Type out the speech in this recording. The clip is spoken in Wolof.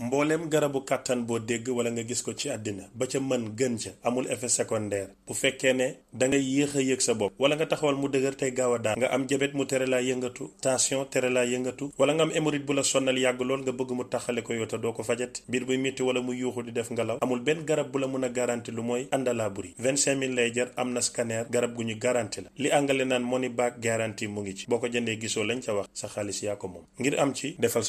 mbooleem garabu kàttan boo dégg wala nga gis ko ci àddina ba ca mën gën ca amul effet secondaire bu fekkee ne da nga yéex a yëg sa bopp wala nga taxawal mu dëgër tey gaaw a daan nga am jabet mu tere laa yëngatu tension tere laa yëngatu wala nga am hémorroïde bu la sonal yàgg lool nga bëgg mu taxale ko yow te doo ko fajat biir buy métti wala mu yuuxu di def ngelaw amul benn garab bu la mun a garanti lu mooy àndalaa buri vingt-cinq lay jar am na scanner garab gu ñu garanti la li àngale naan money back guarantee mu ngi ci boo ko jëndee gisoo lañ ca wax sa xaalis yaa ko moom ngir am ci defal